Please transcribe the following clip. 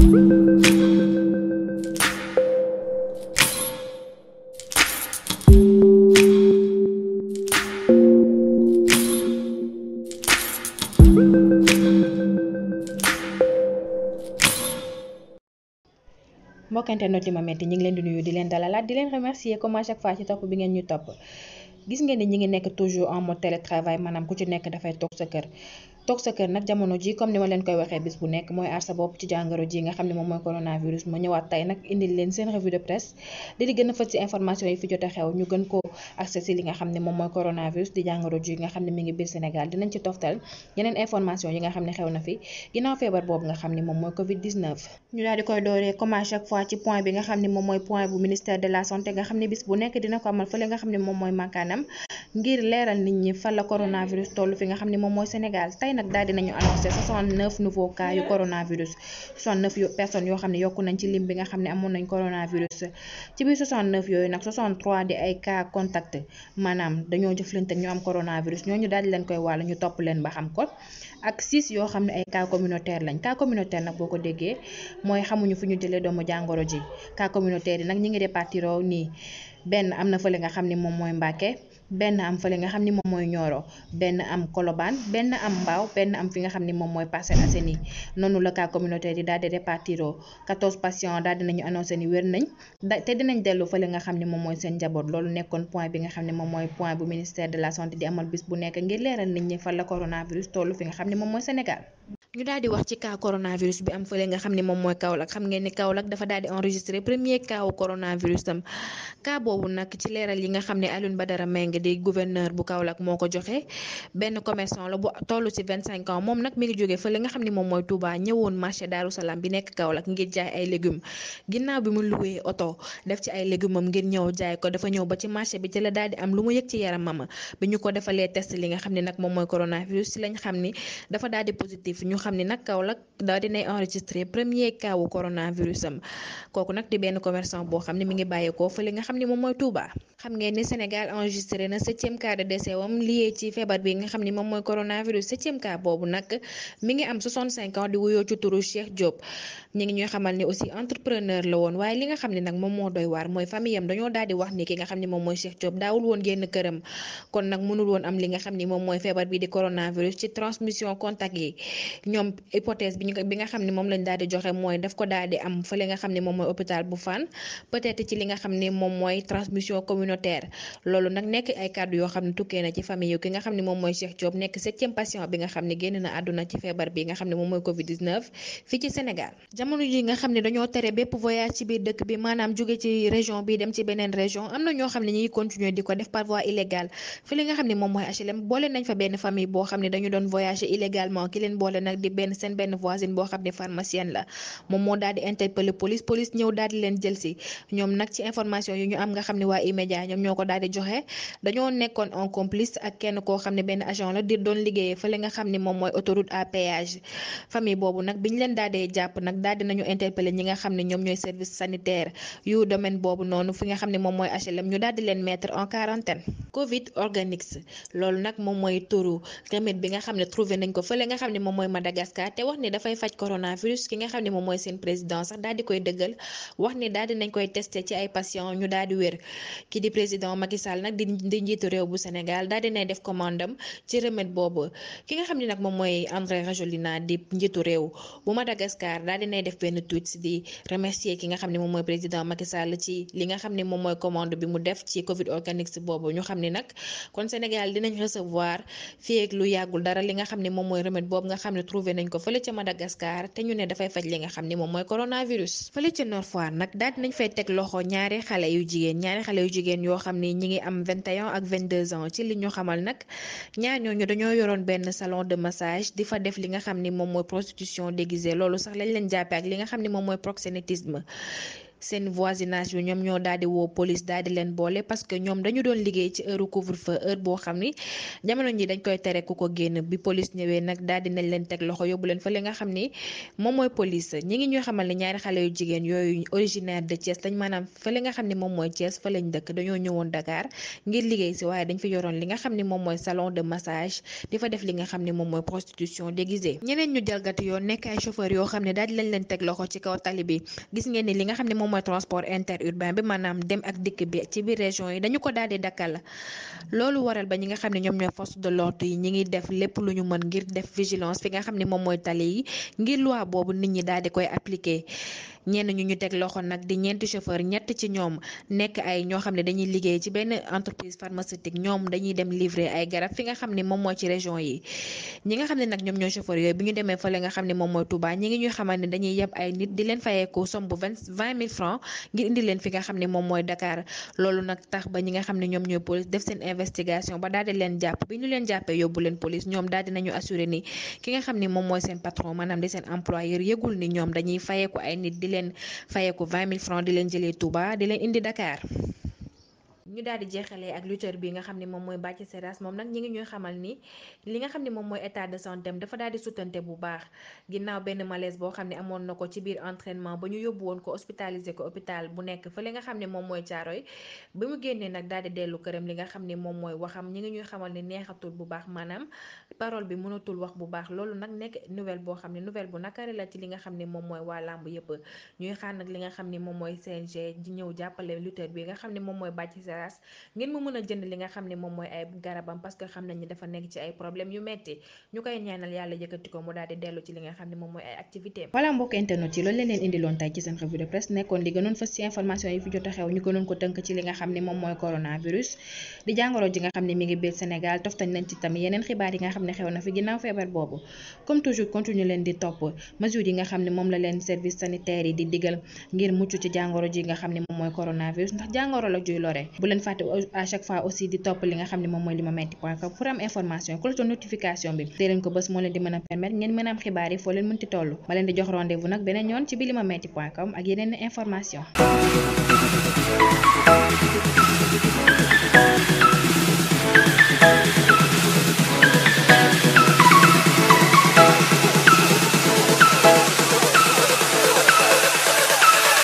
mbokk internet ma metti ñu ngi leen di nuyu di leen comme à chaque fois ci bi ngeen ñu gis toujours en mode télétravail maanaam ku ci nekk sa kër toog sa kër nag jamono ji comme ni ma leen koy waxee bis bu nekk mooy aar sa bopp ci jàngoro ji nga xam ne moom mooy coronavirus ma ñëwaat tey nag indil leen seen revue de presse di li a fës moom mooy coronavirus di ne mi ngi biir Sénégal dinañ ci toftal yeneen information yi nga xam ne xew na fi ginnaaw nga xam ne moom mooy covid fële nga xam ne moom mooy makkaanam ngir leeral nit ñi fa la coronavirus toll fi nga xam ne moom mooy Sénégal bëri nag daal dinañu annoncé 69 nouveaux cas yu coronavirus 69 yu personnes yoo xam ne yokk nañ ci lim bi nga xam ne amoon nañ coronavirus ci biir 69 yooyu nag 63 di ay cas contact maanaam dañoo jëflante ñu am coronavirus ñooñu daal di leen koy wàll ñu topp leen ba xam ko ak 6 yoo xam ne ay cas communautaire lañ cas communautaire nag boo ko déggee mooy xamuñu fu ñu jëlee doomu jàngoro ji cas communautaire yi nag ñi ngi répartiroo nii benn am na fële nga xam ne moom mooy Mbàkke benn am fa fële nga xam ni moom mooy Nioro benn am Colobane benn am Mbao benn am fi nga xam ni moom mooy Parcelles Assainies noonu la cas communautaire yi daal di répartiro 14 patients daal dinañu annoncé ni wér nañ te dinañ dellu fële nga xam ni moom mooy seen njaboot loolu nekkoon point bi nga xam ne moom mooy point bu ministère de la santé di amal bis bu nekk ngir leeral nit ñi fan la coronavirus tollu fi nga xam ne moom mooy Sénégal ñu daal di wax ci cas coronavirus bi am fële nga xam ne moom mooy Kaolack xam ngeen ni Kaolack dafa daal di enregistré premier cas wu coronavirus tam cas boobu nag ci leeral yi nga xam ne Alioune Badara Mbengue di gouverneur bu Kaolack moo ko joxe benn commerçant la bu toll ci 25 ans moom nag mi ngi jógee fële nga xam ni moom mooy Touba ñëwoon marché Darou Salaam bi nekk Kaolack ngir jaay ay légumes ginnaaw bi mu luwee oto def ci ay légumes am ngir ñëw ko dafa ñëw ba ci marché bi ci la daal di am lu mu yëg ci yaramam xam ne nag moom mooy coronavirus ci lañ xam ni xam ni nag Kaolack daal dinay enregistré premier cas wu coronavirus am kooku nag di benn commercant boo xam ne mi ngi bàyyeekoo fa li nga xam ne moom mooy Touba. xam ngeen ni Sénégal enregistré na septième cas de décès wam ci feebar bi nga xam ni moom mooy coronavirus septième cas boobu nag mi ngi am 65 ans di wuyoo ci turu Cheikh Diop ñu ngi ñuy xamal ni aussi entrepreneur la woon waaye li nga xam ne nag moom moo doy waar mooy famille am dañoo daal wax ni ki nga xam ni moom mooy Cheikh Diop daawul woon génn këram kon nag mënul woon am li nga xam ni moom mooy feebar bi di coronavirus ci transmission contact yi. ñoom hypothèse bi ñu ko bi nga xam ne moom mooy hôpital bu Fann peut ci li nga xam ne moom mooy transmission communautaire nekk ay patient bi nga xam ne génn na àdduna ci feebar bi nga xam ne moom mooy Covid 19 fii ci Sénégal jamono ji nga xam ne dañoo tere bépp voyage ci biir dëkk bi maanaam jóge ci région bi dem ci beneen région am na ñoo xam ne ñi continuer di ko def par voie illégale li nga xam ne moom mooy HLM boole nañ fa benn famille boo xam ne dañu di benn seen benn voisine boo xam ne pharmacienne la moom moo daal di interpellé police police ñëw daal di leen jël ñoom nag ci information yu ñu am nga xam ne waa e ñoom ñoo ko daal di joxe dañoo nekkoon en complice ak kenn koo xam ne benn agent la di doon liggéeyee fële leen nga xam ne moom mooy HLM ñu daal di leen mettre en quarantaine Covid organique loolu nag moom mooy turu gamit bi nga xam ne trouvé nañ ko fële nga xam ne moom mooy Madagascar te wax ne dafay faj coronavirus ki nga xam ne moom mooy seen président sax daal di koy dëggal wax ne daal dinañ koy testé ci ay patients ñu daal wér ki di président Macky nag di njiitu réew bu Sénégal daal dinay di njiitu def benn tweet di remercier ki nga xam ne moom mooy président Macky ci li nga xam ne moom mooy commande bi mu def ci Covid organique boobu ñu xam ne nag kon Sénégal dinañ recevoir fii ak lu yàggul dara li nga xam ne moom mooy remède retrouvé nañ ko fële ca Madagascar te ñu ne dafay faj li nga xam ni moom mooy coronavirus fële ca Nord Foire nag daal nañ fay teg loxo ñaari xale yu jigéen ñaari xale yu jigéen yoo xam ni ñi ngi am 21 ak 22 ans ci li ñu xamal nag ñaar ñooñu dañoo yoroon benn salon de massage di fa def li nga xam ni moom mooy prostitution déguisée loolu sax lañ leen jàppee ak li nga xam ni moom mooy proxénétisme seen voisinage bi ñoom ñoo daal di woo police daal di leen boole parce que ñoom dañu doon liggéey ci heure couvre-feu heure boo xam ni jamono ji dañ koy tere ku ko génn bi police ñëwee nag daal di nañ leen teg loxo yóbbu leen fa nga xam ni moom mooy police ñi ngi ñoo xamal ñaari xale yu jigéen yooyu originaire de Thiès lañ maanaam fa li nga xam ni moom mooy Thiès fa lañ dëkk dañoo ñëwoon Dakar ngir si waaye dañ fa yoroon li nga xam ni moom mooy salon de massage di li nga xam ni moom mooy prostitution déguisée ñeneen ñu jalgati yoon nekk ay chauffeur yoo xam ne daal lañ leen teg loxo ci kaw tali bi gis ngeen ni li nga xam ne moom moom mooy transport interurbain bi maanaam dem ak dikk bi ci biir région yi dañu ko daal di dakkal loolu waral ba ñi nga xam ne ñoom ñoo force de l'ordre yi ñi ngi def lépp lu ñu mën ngir def vigilance fi nga xam ne moom mooy tali yi ngir loi boobu nit ñi daal di koy appliquer ñenn ñu ñu teg loxo nag di ñeenti chauffeur ñett ci ñoom nekk ay ñoo xam ne dañuy liggéey ci benn entreprise pharmaceutique ñoom dañuy dem livrer ay garab fi nga xam ne moom moo ci région yi ñi nga xam ne nag ñoom ñooy chauffeur yooyu bi ñu demee fële nga xam ne moom mooy Touba ñi ngi ñuy xamal ne dañuy yeb ay nit di leen fayeeku somme vingt mille francs ngir indi leen fi nga xam ne moom mooy dakaar loolu nag tax ba ñi nga xam ne ñoom ñooy police def seen investigation ba daal leen jàpp bi ñu leen jàppee yóbbu leen police ñoom daal di nañu assuré ni ki nga xam ne moom mooy seen patron maanaam di seen ñoom dañuy fayeeku ay nit di leen fayee ko 20 000 francs di leen jële Touba di leen indi dakaar ñu daal di jeexalee ak lutteur bi nga xam ne moom mooy Bathie Seras moom nag ñi ngi ñuy xamal ni li nga xam ne moom mooy état de santé dafa daal di sutante bu baax ginnaaw benn malaise boo xam ne amoon na ko ci biir entraînement ba ñu yóbbu woon ko hospitalisé ko hôpital bu nekk fële nga xam ne moom mooy Caaroy ba mu génnee nag daal di dellu këram li nga xam ne moom mooy waxam ñi ngi ñuy xamal ni neexatul bu baax maanaam parole bi mënatul wax bu baax loolu nag nekk nouvelle boo xam ne nouvelle bu nakari la ci li nga xam ne moom mooy waa làmb yëpp ñuy xaar li nga xam ne moom mooy CNG ñëw jàppale lutteur bi nga xam ne moom mooy bàcc Seras bagage ngeen mu mën a jënd li nga xam ne moom mooy ay garabam parce que xam nañ ni dafa nekk ci ay problème yu metti ñu koy ñaanal yàlla yëkkati ko mu daal di dellu ci li nga xam ne moom mooy ay activité voilà mbokk internet yi loolu leen leen indi loon tey ci seen revue de presse nekkoon li gënoon fës ci information yi fi jot a xew ñu gënoon ko tënk ci li nga xam ne moom mooy coronavirus di jàngoro ji nga xam ne mi ngi biir Sénégal toftañ nañ ci tamit yeneen xibaar yi nga xam ne xew na fi ginnaaw feebar boobu comme toujours continue leen di topp mesures yi nga xam ne moom la leen service sanitaire yi di digal ngir mucc ci jàngoro ji nga xam ne moom mooy coronavirus ndax jàngoro la juy lore leen fàtte à chaque fois aussi di topp li nga xam ne moom mooy limametti point com pour am information cloche notification bi dee leen ko bés moo leen di mën a permettre ngeen mën xibaar yi foo leen mënti toll ma leen di jox rendez-vous nag beneen yoon ci bi limametti point com ak yeneen information